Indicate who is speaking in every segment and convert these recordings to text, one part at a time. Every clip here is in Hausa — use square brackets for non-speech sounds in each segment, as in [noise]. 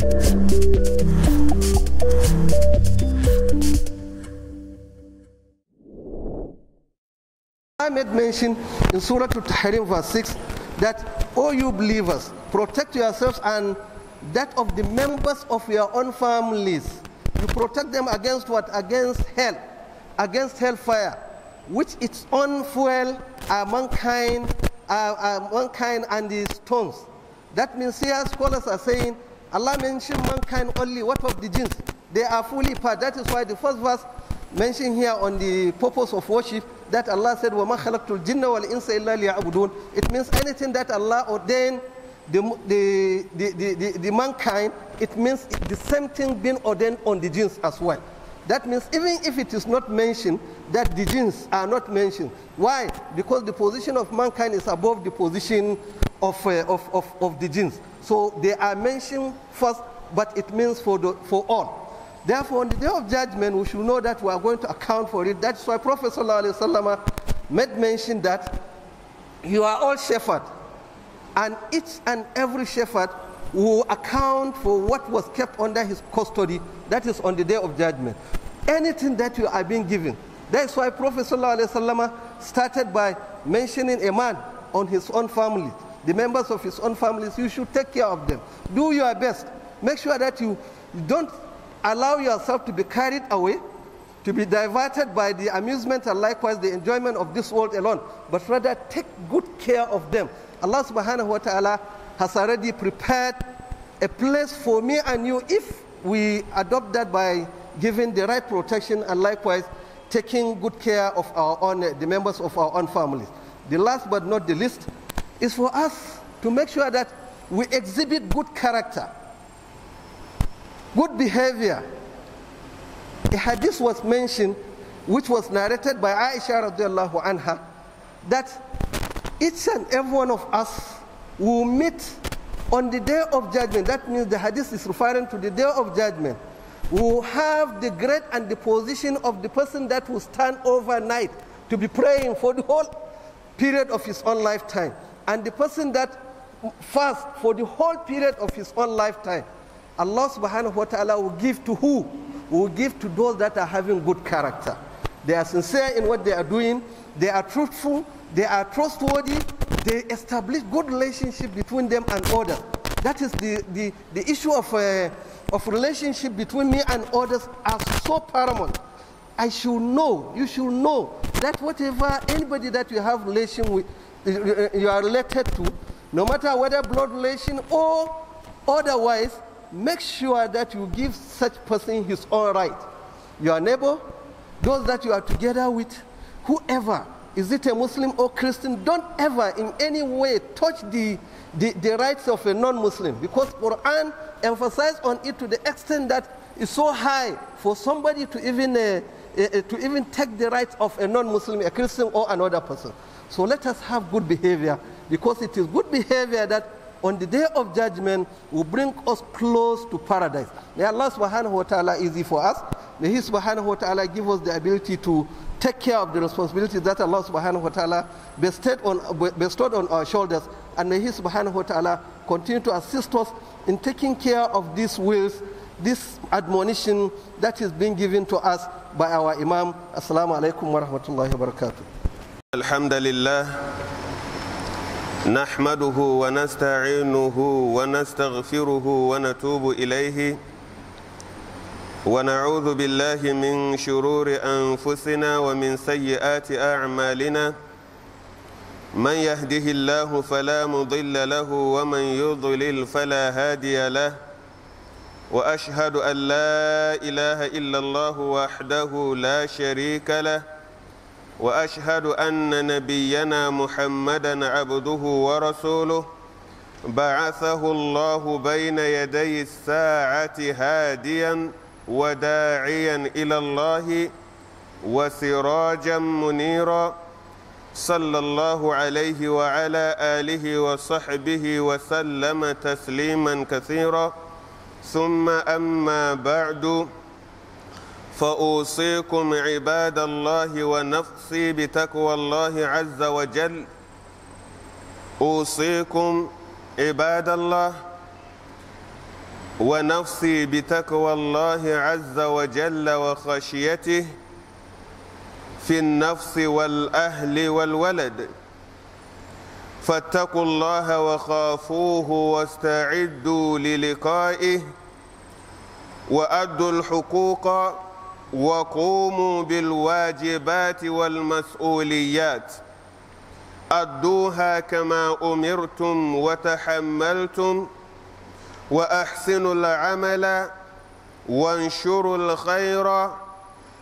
Speaker 1: I made mention in Surah Al-Tahrim verse 6 that, all you believers, protect yourselves and that of the members of your own families. You protect them against what? Against hell, against hellfire, which its own fuel are mankind, are, are mankind and the stones. That means here scholars are saying Allah mentioned mankind only. What of the jinns? They are fully part. That is why the first verse mentioned here on the purpose of worship that Allah said, وَمَا خَلَقْتُ الْجِنَّ وَالْإِنسَ إِلَّا لِيَعْبُدُونَ It means anything that Allah ordained the, the, the, the, the mankind, it means the same thing being ordained on the jinns as well. That means even if it is not mentioned, that the jinns are not mentioned. Why? Because the position of mankind is above the position of, uh, of, of, of the jinns. So they are mentioned first, but it means for, the, for all. Therefore, on the day of judgment, we should know that we are going to account for it. That's why Prophet ﷺ made mention that you are all shepherds, and each and every shepherd will account for what was kept under his custody. That is on the day of judgment. Anything that you are being given. That's why Prophet ﷺ started by mentioning a man on his own family the members of his own families, you should take care of them. Do your best. Make sure that you don't allow yourself to be carried away, to be diverted by the amusement and likewise the enjoyment of this world alone, but rather take good care of them. Allah subhanahu wa ta'ala has already prepared a place for me and you if we adopt that by giving the right protection and likewise taking good care of our own, the members of our own families. The last but not the least, is for us to make sure that we exhibit good character, good behavior. A hadith was mentioned, which was narrated by Aisha radiallahu anha, that each and every one of us will meet on the day of judgment. That means the hadith is referring to the day of judgment. We will have the grade and the position of the person that will stand overnight to be praying for the whole period of his own lifetime. and the person that fast for the whole period of his own lifetime, Allah subhanahu wa ta'ala will give to who? Will give to those that are having good character. They are sincere in what they are doing, they are truthful, they are trustworthy, they establish good relationship between them and others. That is the, the, the issue of, uh, of relationship between me and others are so paramount. I should know, you should know that whatever anybody that you have relation with, you are related to, no matter whether blood relation or otherwise, make sure that you give such person his own right. Your neighbor, those that you are together with, whoever, is it a Muslim or Christian, don't ever in any way touch the, the, the rights of a non-Muslim because Quran emphasizes on it to the extent that it's so high for somebody to even uh, Eh, eh, to even take the rights of a non-Muslim, a Christian or another person. So let us have good behavior because it is good behavior that on the day of judgment will bring us close to paradise. May Allah subhanahu wa ta'ala easy for us. May He subhanahu wa ta'ala give us the ability to take care of the responsibilities that Allah subhanahu wa ta'ala bestowed on, bestowed on our shoulders. And may He subhanahu wa ta'ala continue to assist us in taking care of these wills, this admonition that is being given to us wa imam assalamu alaikum wa rahmatullahi wa barakatuh
Speaker 2: alhamdulillah نحمده ونستعينه ونستغفره ونتوب اليه ونعوذ بالله من شرور انفسنا ومن سيئات اعمالنا من يهده الله فلا مضل له ومن يضلل فلا هادي له واشهد ان لا اله الا الله وحده لا شريك له واشهد ان نبينا محمدا عبده ورسوله بعثه الله بين يدي الساعه هاديا وداعيا الى الله وسراجا منيرا صلى الله عليه وعلى اله وصحبه وسلم تسليما كثيرا ثم أما بعد فأوصيكم عباد الله ونفسي بتقوى الله عز وجل أوصيكم عباد الله ونفسي بتقوى الله عز وجل وخشيته في النفس والأهل والولد فاتقوا الله وخافوه واستعدوا للقائه وأدوا الحقوق وقوموا بالواجبات والمسؤوليات أدوها كما أمرتم وتحملتم وأحسنوا العمل وانشروا الخير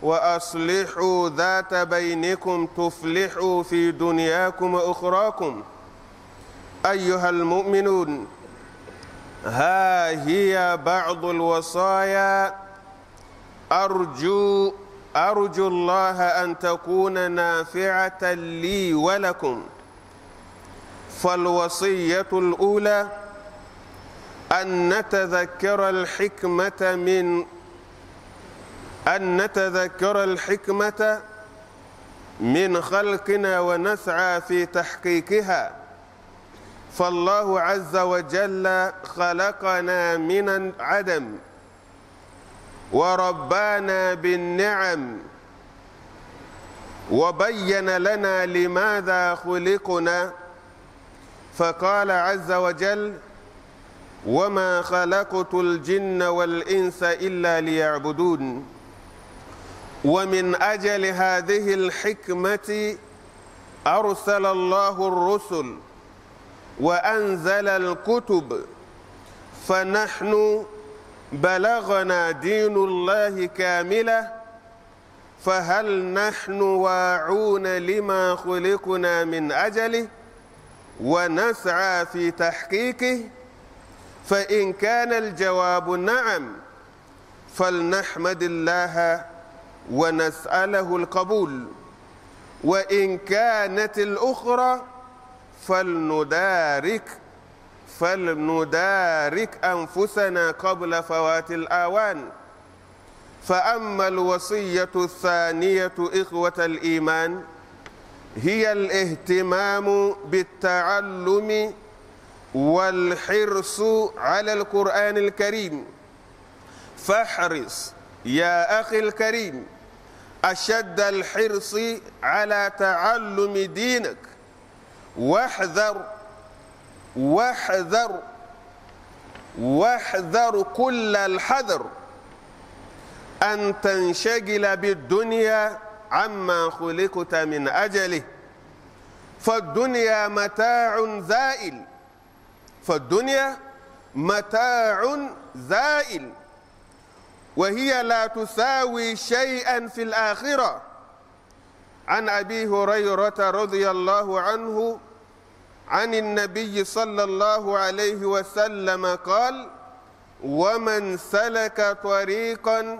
Speaker 2: وأصلحوا ذات بينكم تفلحوا في دنياكم وأخراكم أيها المؤمنون ها هي بعض الوصايا أرجو أرجو الله أن تكون نافعة لي ولكم فالوصية الأولى أن نتذكر الحكمة من أن نتذكر الحكمة من خلقنا ونسعى في تحقيقها فالله عز وجل خلقنا من العدم وربانا بالنعم وبين لنا لماذا خلقنا فقال عز وجل وما خلقت الجن والإنس إلا ليعبدون ومن أجل هذه الحكمة أرسل الله الرسل وأنزل الكتب فنحن بلغنا دين الله كاملة فهل نحن واعون لما خلقنا من أجله ونسعى في تحقيقه فإن كان الجواب نعم فلنحمد الله ونسأله القبول وإن كانت الأخرى فلندارك فلندارك أنفسنا قبل فوات الأوان فأما الوصية الثانية إخوة الإيمان هي الاهتمام بالتعلم والحرص على القرآن الكريم فاحرص يا أخي الكريم أشد الحرص على تعلم دينك واحذر واحذر واحذر كل الحذر أن تنشغل بالدنيا عما خلقت من أجله فالدنيا متاع زائل فالدنيا متاع زائل وهي لا تساوي شيئا في الآخرة عن أبي هريرة رضي الله عنه عن النبي صلى الله عليه وسلم قال ومن سلك طريقا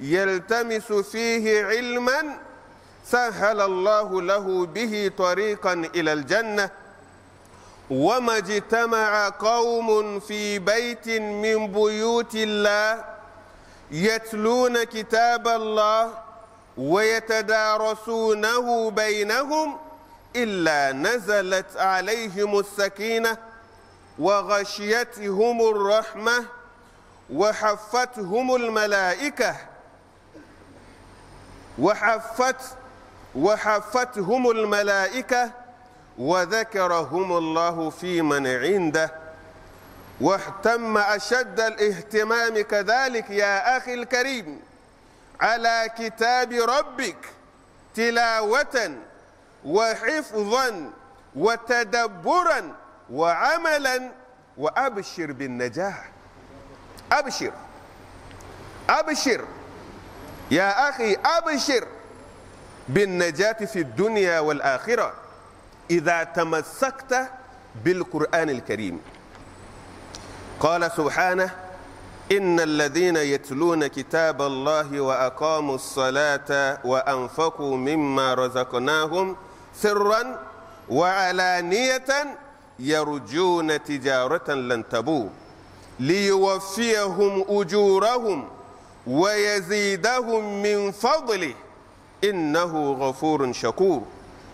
Speaker 2: يلتمس فيه علما سهل الله له به طريقا إلى الجنة وما اجتمع قوم في بيت من بيوت الله يتلون كتاب الله ويتدارسونه بينهم إلا نزلت عليهم السكينة وغشيتهم الرحمة وحفتهم الملائكة وحفت وحفتهم الملائكة وذكرهم الله في من عنده واهتم أشد الاهتمام كذلك يا أخي الكريم على كتاب ربك تلاوةً وحفظا وتدبرا وعملا وأبشر بالنجاح أبشر أبشر يا أخي أبشر بالنجاة في الدنيا والآخرة إذا تمسكت بالقرآن الكريم قال سبحانه إن الذين يتلون كتاب الله وأقاموا الصلاة وأنفقوا مما رزقناهم سرا وعلانية يرجون تجارة لن تبور ليوفيهم أجورهم ويزيدهم من فضله إنه غفور شكور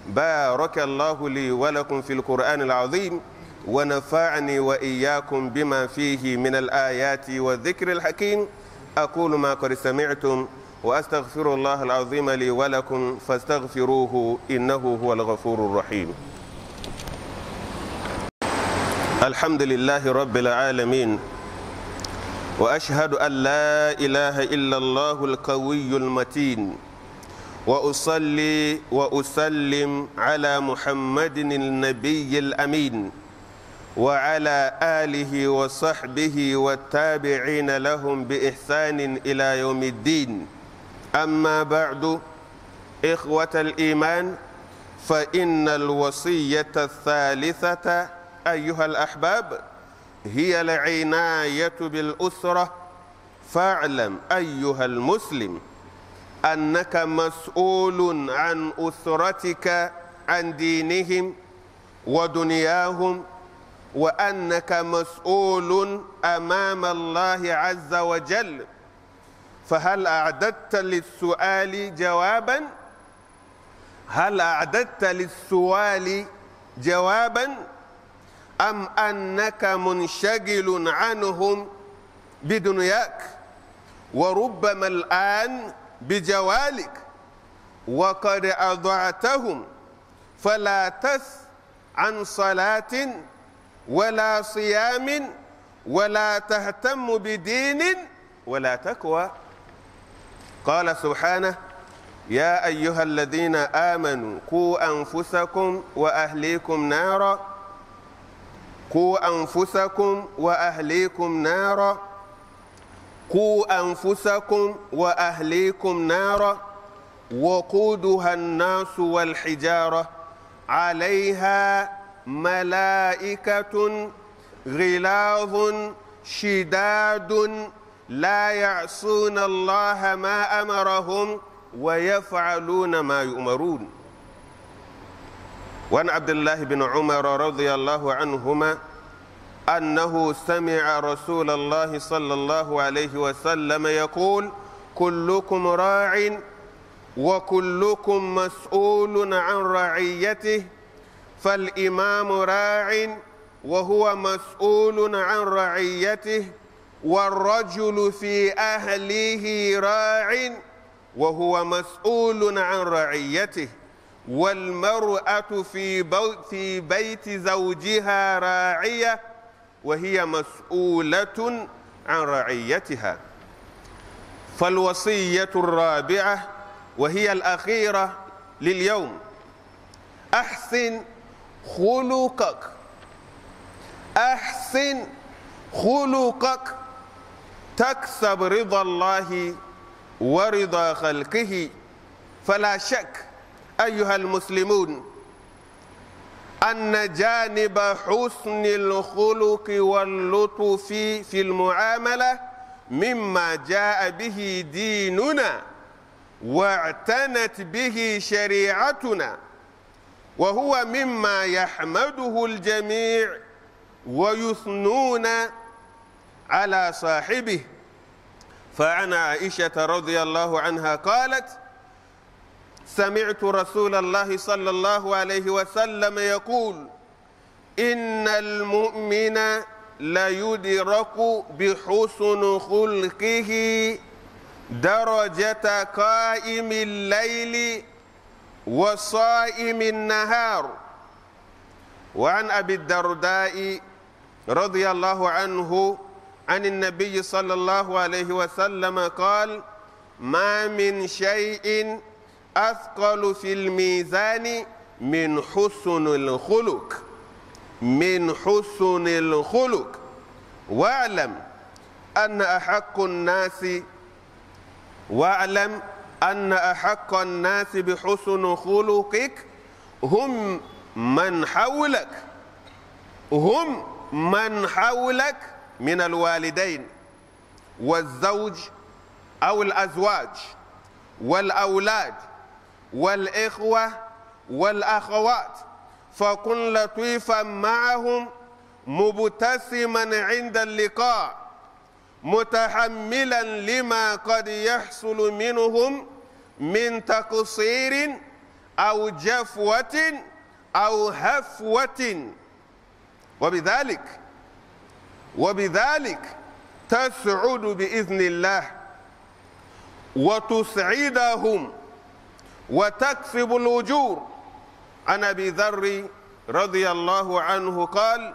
Speaker 2: بارك الله لي ولكم في القرآن العظيم ونفعني وإياكم بما فيه من الآيات والذكر الحكيم أقول ما قد سمعتم وأستغفر الله العظيم لي ولكم فاستغفروه إنه هو الغفور الرحيم الحمد لله رب العالمين وأشهد أن لا إله إلا الله القوي المتين وأصلي وأسلم على محمد النبي الأمين وعلى آله وصحبه والتابعين لهم بإحسان إلى يوم الدين أما بعد إخوة الإيمان فإن الوصية الثالثة أيها الأحباب هي العناية بالأسرة فاعلم أيها المسلم أنك مسؤول عن أسرتك عن دينهم ودنياهم وأنك مسؤول أمام الله عز وجل فهل أعددت للسؤال جوابا هل أعددت للسؤال جوابا أم أنك منشغل عنهم بدنياك وربما الآن بجوالك وقد أضعتهم فلا تث عن صلاة ولا صيام ولا تهتم بدين ولا تكوى قال سبحانه يا أيها الذين آمنوا قوا أنفسكم وأهليكم نارا قوا أنفسكم وأهليكم نارا قوا أنفسكم وأهليكم نارا وقودها الناس والحجارة عليها ملائكة غلاظ شداد لا يعصون الله ما امرهم ويفعلون ما يؤمرون وعن عبد الله بن عمر رضي الله عنهما انه سمع رسول الله صلى الله عليه وسلم يقول كلكم راع وكلكم مسؤول عن رعيته فالامام راع وهو مسؤول عن رعيته والرجل في أهله راع وهو مسؤول عن رعيته والمرأة في, في بيت زوجها راعية وهي مسؤولة عن رعيتها فالوصية الرابعة وهي الأخيرة لليوم أحسن خلقك أحسن خلقك تكسب رضا الله ورضا خلقه فلا شك أيها المسلمون أن جانب حسن الخلق واللطف في المعاملة مما جاء به ديننا واعتنت به شريعتنا وهو مما يحمده الجميع ويثنون على صاحبه فعن عائشة رضي الله عنها قالت سمعت رسول الله صلى الله عليه وسلم يقول إن المؤمن ليدرك بحسن خلقه درجة قائم الليل وصائم النهار وعن أبي الدرداء رضي الله عنه عن النبي صلى الله عليه وسلم قال ما من شيء أثقل في الميزان من حسن الخلق من حسن الخلق واعلم أن أحق الناس واعلم أن أحق الناس بحسن خلقك هم من حولك هم من حولك من الوالدين والزوج أو الأزواج والأولاد والإخوة والأخوات فكن لطيفا معهم مبتسما عند اللقاء متحملا لما قد يحصل منهم من تقصير أو جفوة أو هفوة وبذلك وبذلك تسعد بإذن الله وتسعدهم وتكسب الأجور عن أبي ذر رضي الله عنه قال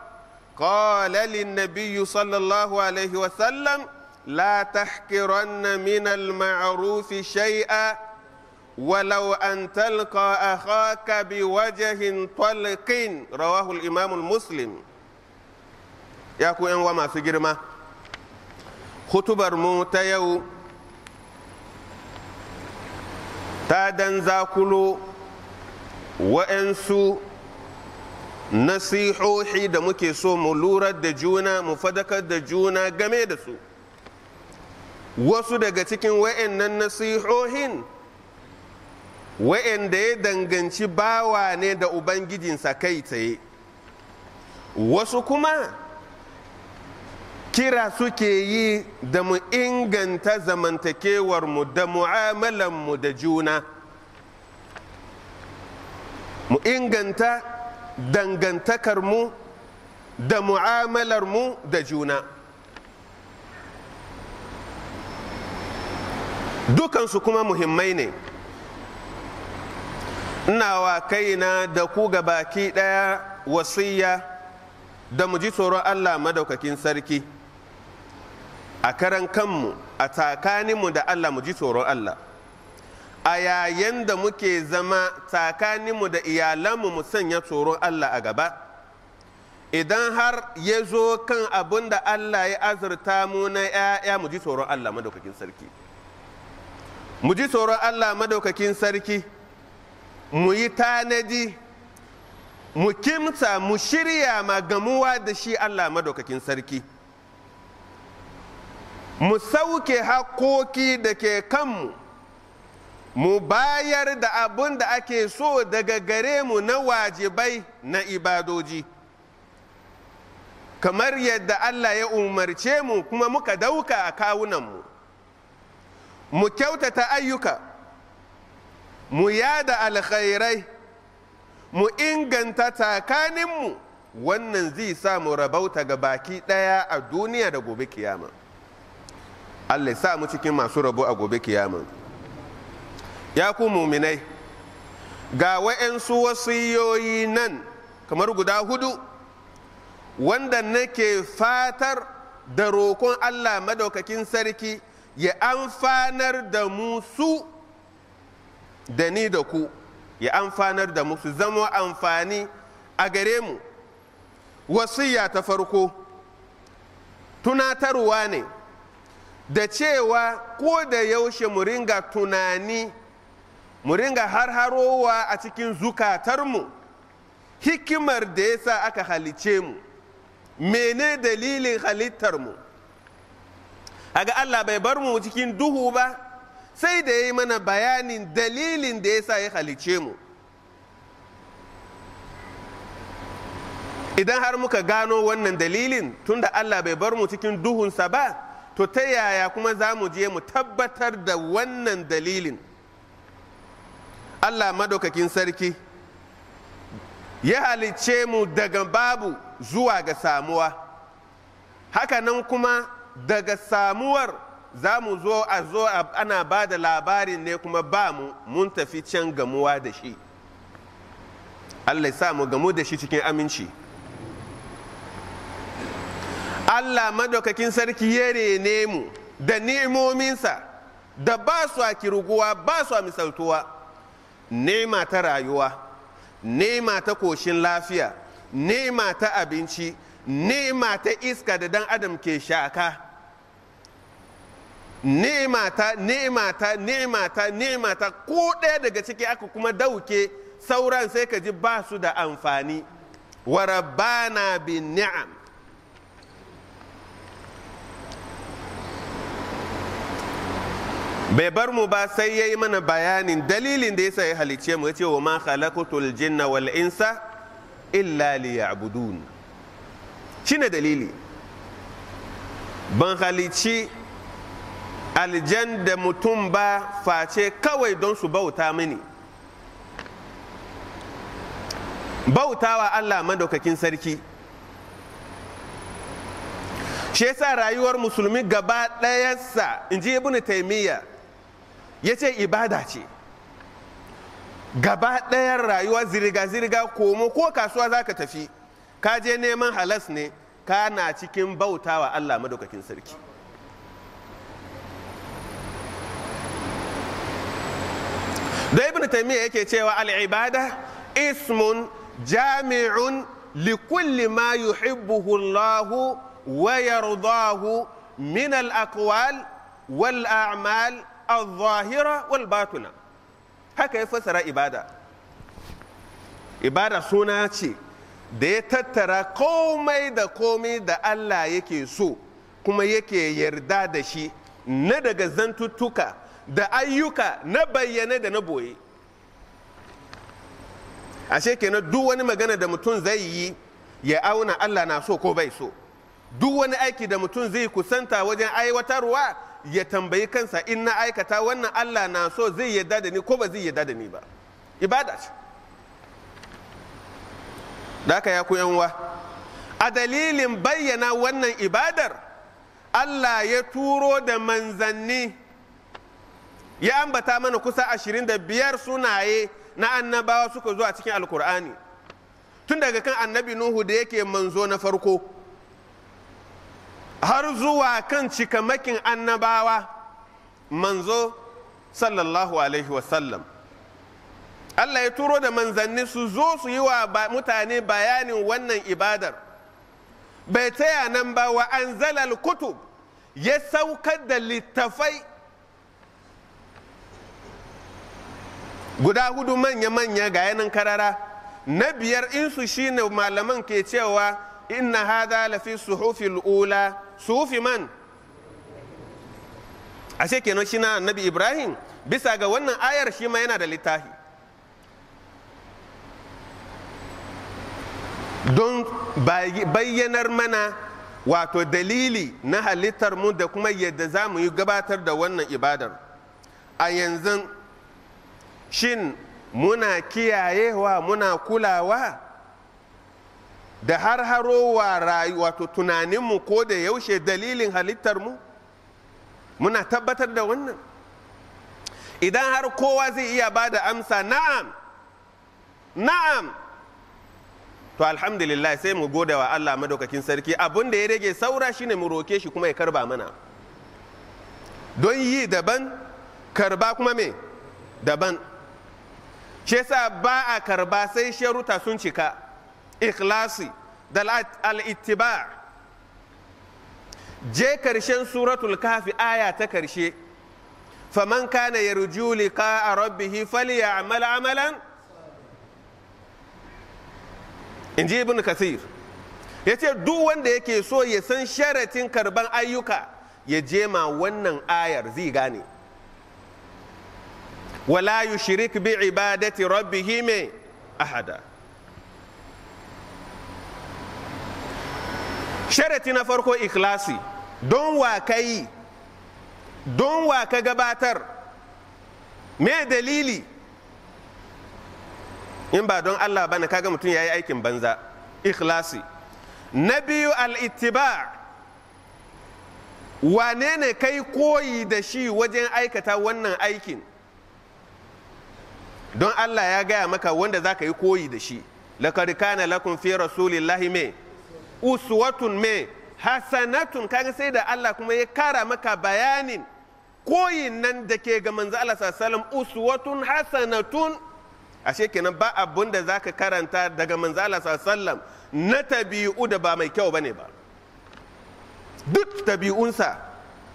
Speaker 2: قال للنبي صلى الله عليه وسلم لا تحقرن من المعروف شيئا ولو أن تلقى أخاك بوجه طلق رواه الإمام المسلم ya ku yan wa masu girma hutubar mu ta yau ta dan zakulo wa'yansu nasihohi da muke so mu lura da juna mu fadakar da juna game da su wasu daga cikin wa'yannan nasihohin wa'yanda ya danganci bawa ne da ubangijinsa kai tsaye wasu kuma kira suke yi da mu inganta zamantakewarmu da mu'amalanmu da juna mu inganta dangantakarmu da muamalar mu da juna dukansu kuma muhimmai ne ina wa kaina da ku ga baki ɗaya wasiya da mu ji tsoron allah madaukakin sarki a karan kanmu a tsakaninmu da Allah mu ji tsoron Allah a yayin da muke zama tsakaninmu da iyalanmu mu sanya tsoron Allah a gaba idan har ya zo kan abin da Allah ya azurta mu na 'ya'ya mu ji tsoron Allah madaukakin sarki mu ji tsoron Allah madaukakin sarki mu yi tanadi mu kimta mu shirya magamuwa da shi Allah madaukakin sarki mu sauke haƙoƙi da ke kanmu mu bayar da abin da ake so daga gare mu na wajibai na ibadoji kamar yadda Allah ya umarce mu kuma muka dauka a kawunanmu mu kyautata ayyuka mu yada alkhairai mu inganta tsakaninmu wannan zai sa mu rabauta ga baki ɗaya a duniya da gobe kiyama. allah sa mu cikin masu rabo a gobe kiyama ya ku muminai ga wa'yansu wasiyoyi nan kamar guda hudu wanda nake fatar da rokon allah madaukakin sarki ya amfanar da mu su da ni da ku ya amfanar da mu zama amfani a gare mu wasiya ta farko tunatarwa ne da cewa ko da yaushe mu ringa tunani mu ringa harharowa a cikin zukatarmu hikimar da ya sa aka halice mu mene dalilin halittarmu ga allah bai bar mu cikin duhu ba sai da ya yi mana bayanin dalilin da ya sa ya halice mu idan har muka gano wannan dalilin tunda allah bai bar mu cikin duhunsa ba to ta yaya kuma za mu je mu tabbatar da wannan dalilin allah madaukakin sarki ya halicce mu daga babu zuwa ga samuwa hakanan kuma daga samuwar za mu zo a zo ana ba da labarin ne kuma ba mu mun tafi can gamuwa da shi allah ya sa mu gamu da shi cikin aminci Allah madaukakin sarki ya rene mu da nemominsa da ba su a kirguwa ba su a misaltuwa nema ta rayuwa nema ta koshin lafiya nema ta abinci nema ta iska da dan adam ke shaka nema ta nema ta nema ta nema ta ko ɗaya daga ciki aka kuma dauke sauran sai ka ji ba su da amfani wa rabbana bin ni'am bai bar mu ba sai ya yi mana bayanin dalilin da ya ya halicce mu ya ce wa ma khalaqatul jinna wal insa illa liya'budun shine dalili ban halici aljanda mutum ba face kawai don su bauta mini bautawa Allah madaukakin sarki shi yasa rayuwar musulmi gaba ɗayansa in ji ibnu taimiyya ya ce ibada ce gaba ɗayan rayuwa zirga-zirga komo ko kasuwa za ka tafi ka je neman halas ne kana cikin bautawa allah madaukakin sarki da ibn taimiyya yake cewa al'ibada ismun jami'un likulli ma yuhibbuhu allah wa yardahu min al-aqwal wal a'mal al-zahira wal batuna haka ya fasara ibada ibada suna ce da ya tattara komai da komai da Allah yake so kuma yake yarda da shi na daga zantuttuka da ayyuka na bayyane da na boye ashe na duk wani magana da mutum zai yi ya auna Allah na so ko bai so duk wani aiki da mutum zai kusanta wajen aiwatarwa ya tambayi kansa in na aikata wannan Allah na so zai yarda da ni ko ba zai yarda da ni ba ibada ce daka ya ku yanwa a dalilin bayyana wannan ibadar Allah ya turo da manzanni ya ambata mana kusa ashirin da biyar sunaye na annabawa suka zo a cikin alkur'ani tun daga kan annabi nuhu da yake manzo na farko har zuwa kan cikamakin annabawa manzo sallallahu alaihi wasallam Allah ya turo da manzanni su zo su yi wa mutane bayanin wannan ibadar bai taya nan ba wa an zalal kutu ya saukar da littafai guda hudu manya-manya ga yanin karara na biyar insu shine malaman ke cewa inna hada lafi suhufil ula sufi man ashe kenan shi na nabi ibrahim bisa ga wannan ayar shi ma yana da littafi don bayyanar mana wato dalili na halittar mu da kuma yadda za mu yi gabatar da wannan ibadar a yanzu shin muna kiyayewa muna kulawa da har harowa wato tunaninmu ko da yaushe dalilin halittarmu muna tabbatar da wannan idan har kowa zai iya ba da amsa na'am na'am to alhamdulillah sai mu gode wa Allah madaukakin sarki abin da ya rage saura shine mu roke shi kuma ya karba mana don yi daban karba kuma me daban shi yasa ba a karba sai sharuta sun cika ikhlasi da al'ittiba je karshen suratul kafi aya ta karshe faman kana yarju liqa'a ya falyamal amalan inji ibn kathir yace duk wanda yake so ya san sharatin karban ayyuka ya jema wannan ayar zai gane wala yushrik bi ibadati rabbihi me ahada sharati na farko ikhlasi don wa ka yi don wa ka gabatar me dalili in ba don allah ba na kaga mutum ya yi aikin banza ikhlasi na biyu al'ittiba wane ne kai koyi da shi wajen aikata wannan aikin don allah ya gaya maka wanda za ka yi koyi da shi lakarikana lakun fi rasulillahi mai uswatun me hasanatun kaga sai da Allah kuma ya kara maka bayanin koyin nan da ke ga manzo Allah sallallahu uswatun hasanatun ashe kenan ba abun da zaka karanta daga manzo Allah sallallahu na tabi'u da ba mai kyau bane ba duk tabi'unsa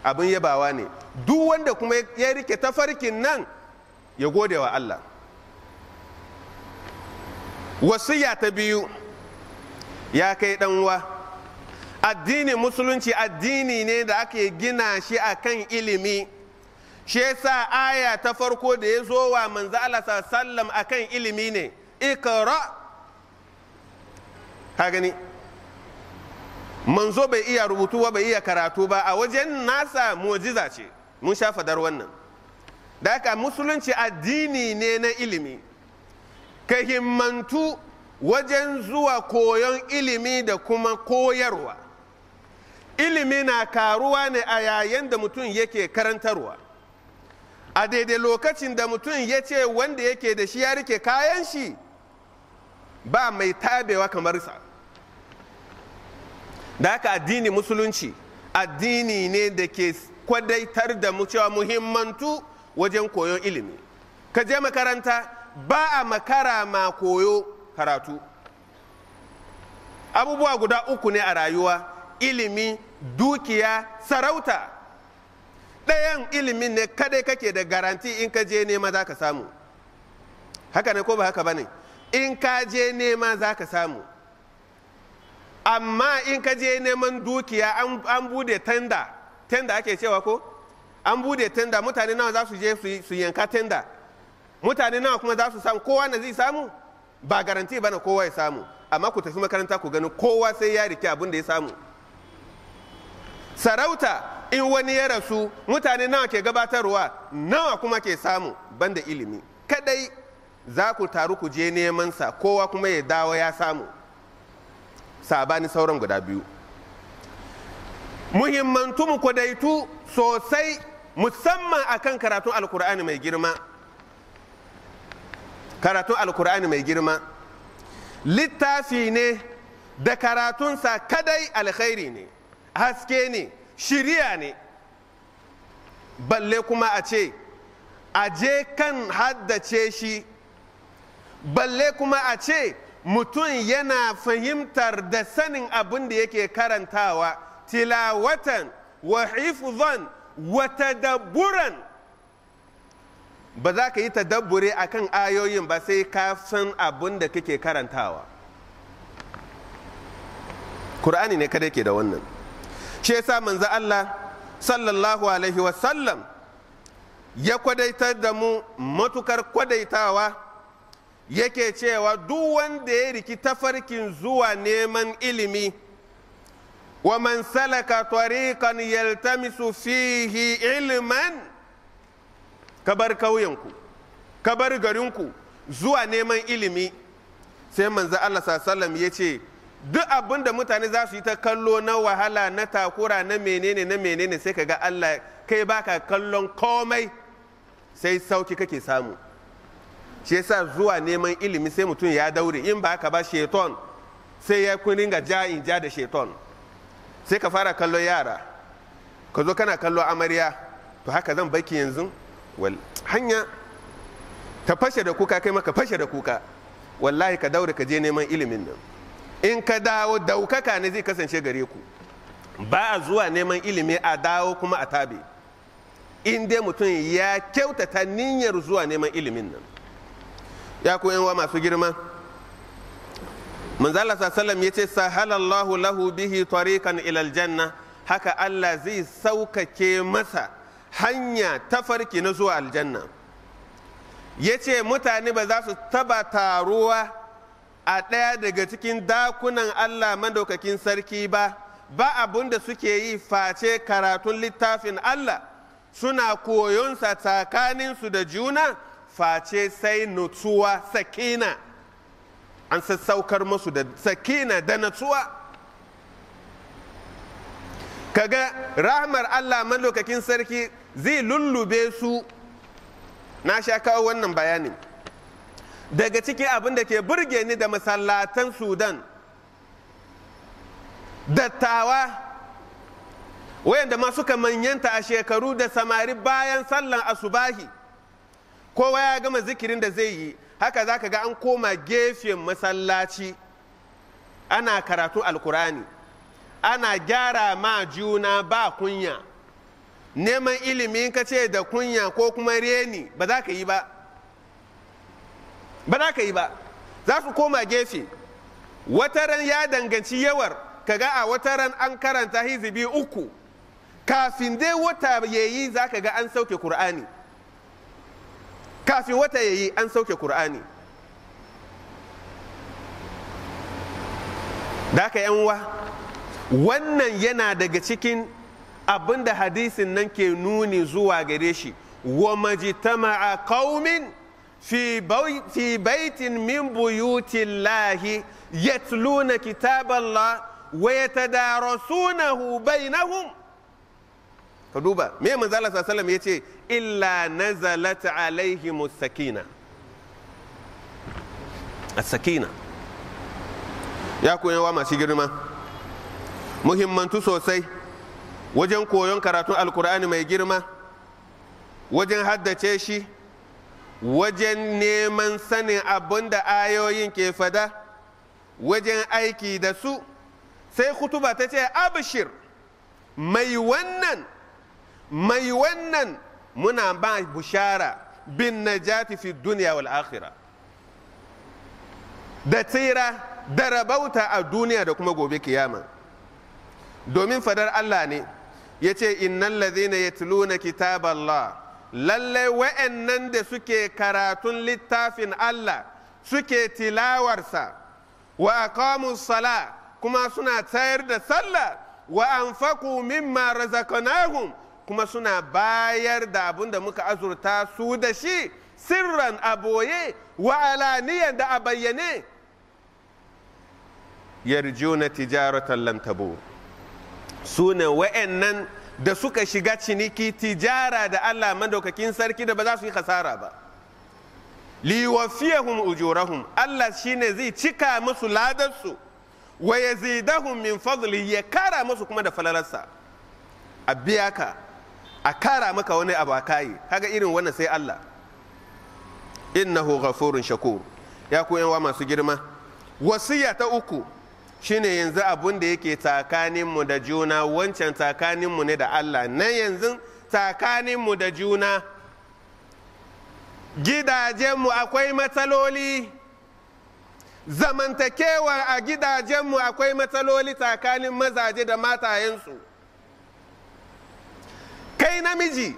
Speaker 2: abin yabawa ne duk wanda kuma ya rike tafarkin nan ya gode wa Allah wasiya ta biyu ya kai ɗanwa addini musulunci addini ne da ake gina shi a kan ilimi shi yasa aya ta farko da ya zo wa manzo Allah sallam a kan ilimi ne ikra ka gani manzo bai iya rubutu ba bai iya karatu ba a wajen nasa mujiza ce mun sha fadar wannan da haka musulunci addini ne na ilimi ka himmantu wajen zuwa koyon ilimi da kuma koyarwa ilimi na karuwa ne a yayin da mutum yake karantarwa a daidai lokacin da mutum ya ce wanda yake da shi ya rike kayan shi ba mai tabewa kamar sa da haka addini musulunci addini ne da ke kwadaitar da mu cewa muhimmantu wajen koyon ilimi ka je makaranta ba a makara ma koyo karatu abubuwa guda uku ne a rayuwa ilimi dukiya sarauta ɗayan ilimin ne kadai kake da garanti in ka je nema za ka samu haka ne ko ba haka ba ne in ka je nema za ka samu amma in ka je neman dukiya an bude tenda tenda ake cewa ko an bude tenda mutane nawa za su je su yanka tenda mutane nawa kuma za su samu kowa na zai samu ba garanti bana kowa ya samu amma ku tafi makaranta ku gani kowa sai ya rike abin da ya samu sarauta in wani ya rasu mutane nawa ke gabatarwa nawa kuma ke samu banda ilimi kadai za ku taru ku je neman sa kowa kuma ya dawo ya samu sabani sauran guda biyu muhimmantu mu kudaitu sosai musamman akan karatun alkur'ani mai girma karatun alkur'ani mai girma littafi ne da karatunsa kadai alkhairi ne haske ne shirya ne balle kuma a ce a je kan haddace shi balle kuma a ce mutum yana fahimtar da sanin abin da yake karantawa tilawatan wa hifzan wa tadabburan ba za ka yi tadabbure a kan ayoyin ba sai ka san abin da kake karantawa Kur'ani ne kada ke da wannan shi yasa manzo Allah sallallahu alaihi wasallam ya kwadaitar da mu matukar kwadaitawa yake cewa duk wanda ya riki farkin zuwa neman ilimi wa man salaka tariqan yaltamisu fihi ilman ka bar ƙauyenku ka bar garinku zuwa neman ilimi sai manzo Allah sallam ya ce duk abin da mutane za su yi ta kallo na wahala na takura na menene na menene sai ka ga Allah kai baka kallon komai sai sauki kake samu shi yasa zuwa neman ilimi sai mutum ya daure in ba ka ba sheton sai ya kun ringa ja in ja da sheton sai ka fara kallon yara ka zo kana kallon amarya to haka zan baki yanzu wal hanya ta fashe da kuka kai maka fashe da kuka wallahi ka daure ka je neman ilimin nan in ka dawo daukaka ne zai kasance gare ku ba a zuwa neman ilimi a dawo kuma a tabe in dai mutum ya kyautata niyyar zuwa neman ilimin nan ya ku yan masu girma manzala alaihi ya ce sahalallahu lahu bihi tariqan ilal janna haka Allah zai saukake masa hanya ta farki na zuwa aljanna ya ce mutane ba za su taba taruwa a ɗaya daga cikin dakunan allah madaukakin sarki ba ba abun da suke yi face karatun littafin allah suna koyonsa tsakaninsu da juna face sai nutsuwa sakina an sassaukar musu da sakina da natsuwa kaga rahmar Allah madaukakin sarki zai lullube su na sha kawo wannan bayanin daga cikin abin da ke burge ni da masallatan sudan dattawa wayanda ma suka manyanta a shekaru da samari bayan sallan asubahi kowa ya gama zikirin da zai yi haka za ka ga an koma gefen masallaci ana karatu alkurani ana gyara ma juna ba kunya neman ilimi in ka ce da kunya ko kuma reni ba za ka yi ba ba za ka yi ba za su koma gefe wataran ya danganci yawar kaga a wataran an karanta hizibi uku kafin dai wata yayi za ka ga an sauke kur'ani kafin wata yayi an sauke kur'ani da ka yan wannan yana daga cikin abinda hadisin nan ke nuni zuwa gare shi wa majtama'a qaumin fi baitin min buyutillahi yatluna kitaballah wa yatadarasunahu bainahum ka duba me manzo Sallam ya ce, yace illa nazalat alaihim sakina A sakina ya yawa masu girma muhimmantu sosai wajen koyon karatun alkur'ani mai girma wajen haddace shi wajen neman sanin abin da ayoyin ke fada wajen aiki da su sai kutuba ta ce abishir mai wannan mai wannan muna ba bushara bin najati fi duniya wal akhira da tsira da rabauta a duniya da kuma gobe kiyama domin fadar Allah ne yace ya ladhina yatluna kitaballah Lallai wa'annan da suke karatun littafin Allah suke tilawarsa wa aqamu sala kuma suna tsayar da sallah wa anfaqu mimma razaqnahum kuma suna bayar da abin da muka azurta su da shi sirran aboye boye wa da a bayyane yarjuna tijaratan lan tabur su ne wa'annan da suka shiga ciniki tijara da Allah madaukakin sarki da ba za su yi hasara ba liwafiyahum ujurahum Allah shine zai cika musu ladarsu wa yazidahum min fadli ya kara musu kuma da falalarsa a biya ka a kara maka wani abu a kaga irin wannan sai Allah innahu ghafurun shakur ya ku yan masu girma wasiya ta uku shine yanzu abun da yake tsakaninmu da juna wancan tsakaninmu ne da Allah na yanzu tsakaninmu da juna gidajenmu akwai matsaloli zamantakewar a gidajenmu akwai matsaloli tsakanin mazaje da matayensu kai namiji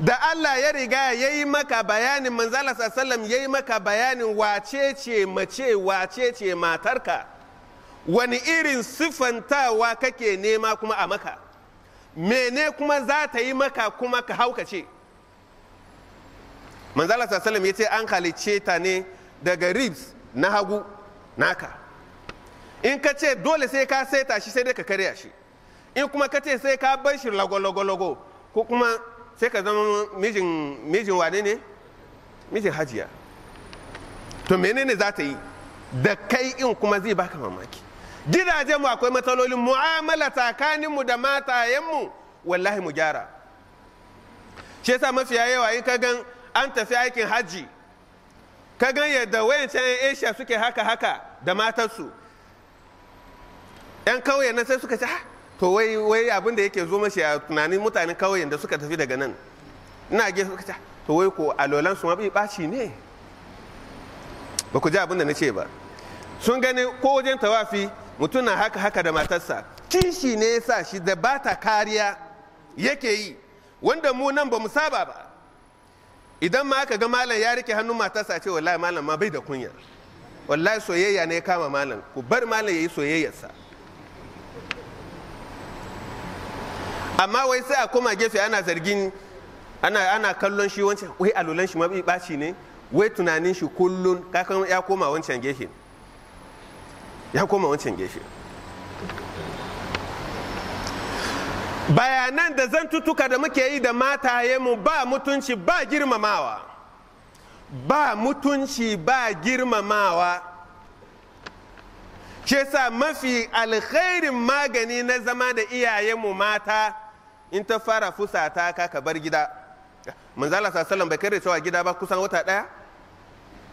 Speaker 2: da Allah ya riga ya yi maka bayanin manzala sallam ya yi maka bayanin wace ce mace wace ce matarka wani irin siffantawa kake nema kuma a maka mene kuma za ta yi maka kuma ka haukace manzala sassalam ya ce an halicce ta ne daga ribs na hagu naka in ka ce dole sai ka saita shi sai dai ka karya shi in kuma ka ce sai ka bar shi lago ko kuma sai ka zama mijin wane ne mijin hajiya to menene za ta yi da kai in kuma zai baka mamaki gidajen mu akwai matsalolin mu'amala tsakanin mu da matayen mu wallahi mu gyara shi yasa mafiya yawa in ka gan an tafi aikin hajji ka gan yadda wayancan 'yan asia suke haka haka da matarsu 'yan kauye nan sai suka ce ah, to wai wai abin da yake zo mashi a tunanin mutanen kauyen da suka tafi daga nan ina ge suka ce ah, to wai ko alolan su mabi baci ne ba ku ji abin da na ce ba sun gani ko wajen tawafi mutum na haka haka da matarsa kishi ne ya sa shi da bata ta kariya yake yi wanda mu nan ba mu saba ba idan ma aka ga malam ya rike hannun matarsa ce wallahi malam ma bai da kunya wallahi soyayya ne ya kama malam ku bar malam ya yi soyayyarsa amma wai sai a koma gefe ana zargin ana kallon shi wancan wai alulan shi ma ɓaci ne wai tunanin shi kullum kakan ya koma wancan gefe ya koma wancan gefe bayanan da zan tutuka da muke yi da mataye mu ba mutunci ba girmamawa ba mutunci ba girmamawa ke sa mafi alkhairin magani na zama da iyayenmu mata in ta fara fusata ka ka bar gida manzala sallam bai kare cewa gida ba kusan wata daya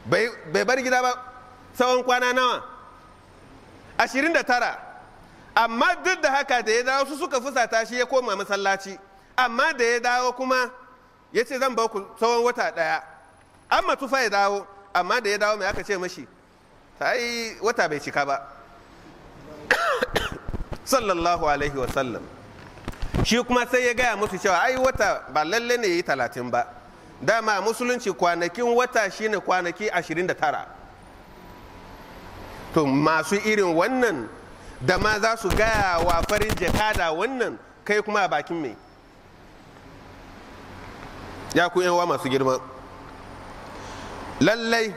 Speaker 2: bai bar gida ba tsawon kwana nawa ashirin da tara amma duk da haka da ya dawo su suka fusata shi ya koma masallaci amma da ya dawo kuma ya ce zan bauku ku tsawon wata ɗaya amma tufa ya dawo amma da ya dawo mai aka ce mashi ta yi wata bai cika ba [coughs] sallallahu alaihi wasallam shi kuma sai ya gaya musu cewa ai wata ba lalle ne ya yi talatin ba dama musulunci kwanakin wata shine kwanaki ashirin da tara to masu irin wannan da ma za su gaya wa farin jakada wannan kai kuma a bakin mai ya ku yawa masu girma lallai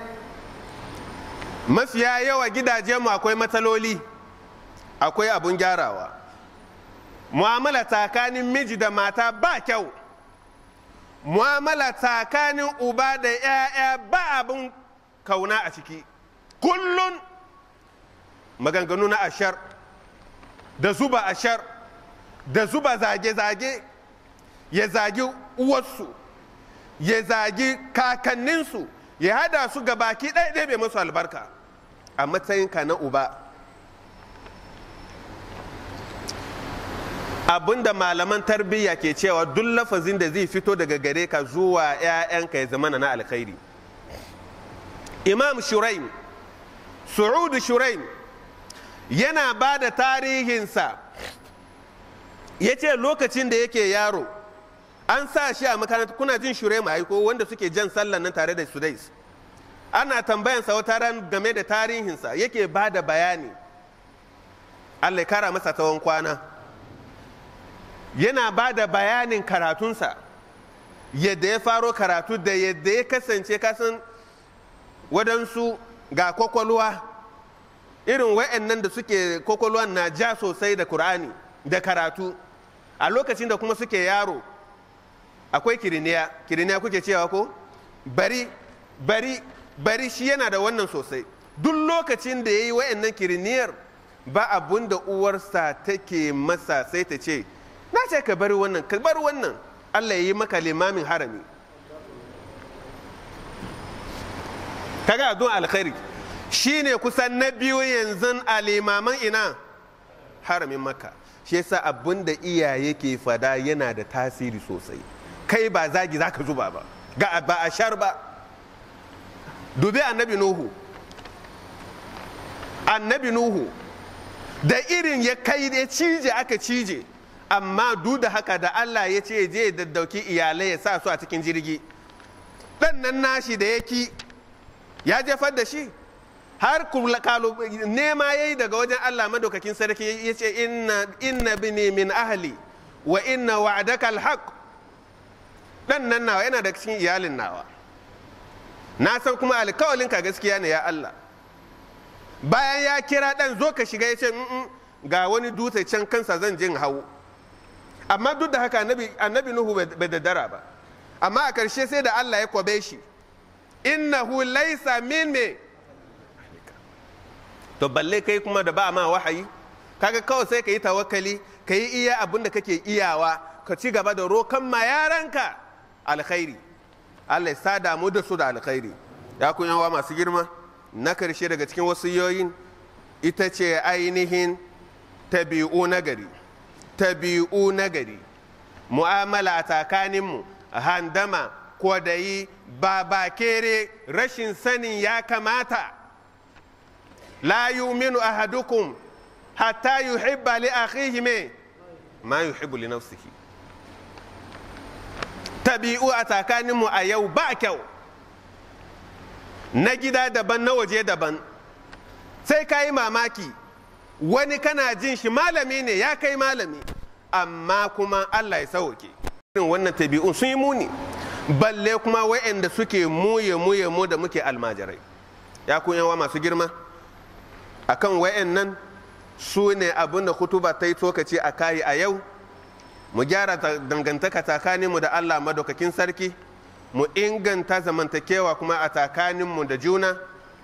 Speaker 2: mafiya yawa gidaje mu akwai matsaloli akwai abun gyarawa mu'amala tsakanin miji da mata ba kyau mu'amala tsakanin uba da 'ya'ya ba abin kauna a ciki kullum maganganu na ashar da zuba ashar da zuba zage-zage ya zagi uwarsu ya zagi kakanninsu ya hada su ga baki ɗaya bai masu albarka a matsayinka na uba abinda malaman tarbiyya ke cewa duk lafazin da zai fito daga gare ka zuwa 'ya'yanka ya zama na alkhairi imam shuraim su'udu shuraim yana ba da tarihinsa ya ce lokacin da yake yaro an sa shi a makaranta kuna jin shure aiko wanda suke jan sallan nan tare da sudais ana tambayansa wata ran game da tarihinsa yake ba da bayani allah kara masa tsawon kwana yana ba da bayanin karatunsa yadda ya faro karatu da yadda ya kasance kasan wadansu ga kwakwalwa irin wa'annan da suke kwakwalwan na ja sosai da kur'ani da karatu a lokacin da kuma suke yaro akwai kiriniya kiriniya kuke cewa ko bari bari bari shi yana da wannan sosai duk lokacin da ya yi wa'annan kiriniyar ba abun da uwarsa take masa sai ta ce na ce ka bari wannan ka bari wannan allah ya yi maka limamin harami kaga don alkhairi Shi ne kusan na biyu yanzu a limaman ina haramin maka shi yasa abin da iyaye ke fada yana da tasiri sosai kai ba zagi za ka zuba ba ga ba a shar ba dubi annabi nuhu annabi nuhu da irin ya kai ya cije aka cije amma duk da haka da allah ya ce je daddauki iyalai ya sa su a cikin jirgi ɗan nan nashi da yaki ya jefar da shi har nema ya yi daga wajen Allah madaukakin sarki ya ce inna bini min ahli wa inna wa'adaka alhaq dan nan nawa yana da cikin iyalin nawa na san kuma alkawalin ka gaskiya ne ya Allah bayan ya kira dan zo ka shiga ya ce mm, mm, ga wani dutse can kansa zan jin hawo amma duk da haka annabi nuhu bai dara ba amma a karshe sai da Allah ya kwabe shi innahu laysa min me to balle kai kuma da ba ma wahayi kaga kawai sai ka yi tawakali ka yi iya abin da kake iyawa ka ci gaba da rokan ma yaranka alkhairi Allah ya sada mu da su da alkhairi ya kun yawa masu girma na karshe daga cikin wasu yoyin ita ce ainihin tabi'u nagari tabi'u nagari mu'amala a mu handama kodayi babakere rashin sanin ya kamata la yu'minu ahadukum hatta yuhibba li akhihi me ma yuhibbu li tabi'u a tsakaninmu a yau ba kyau na gida daban na waje daban sai ka yi mamaki wani kana jin shi malami ne ya kai malami amma kuma allah ya sauke irin wannan tabi'un sun yi muni balle kuma wa'anda suke muye muye mu da muke almajirai ya kun yawa masu girma akan wayannan su ne abinda da kutuba ta yi tsokaci a kayi a yau mu gyara dangantaka tsakaninmu da allah madaukakin sarki mu inganta zamantakewa kuma a tsakaninmu da juna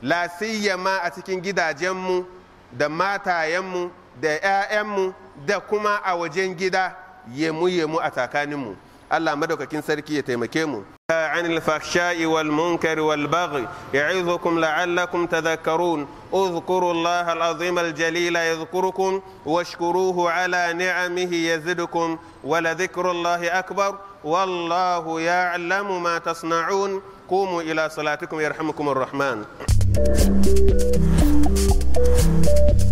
Speaker 2: lasiyama a cikin gidajenmu da matayenmu da 'ya'yanmu da kuma a wajen gida yemu-yemu a tsakaninmu Allah madaukakin sarki ya taimake mu عن الفحشاء والمنكر والبغي يعظكم لعلكم تذكرون اذكروا الله العظيم الجليل يذكركم واشكروه على نعمه يزدكم ولذكر الله أكبر والله يعلم ما تصنعون قوموا إلى صلاتكم يرحمكم الرحمن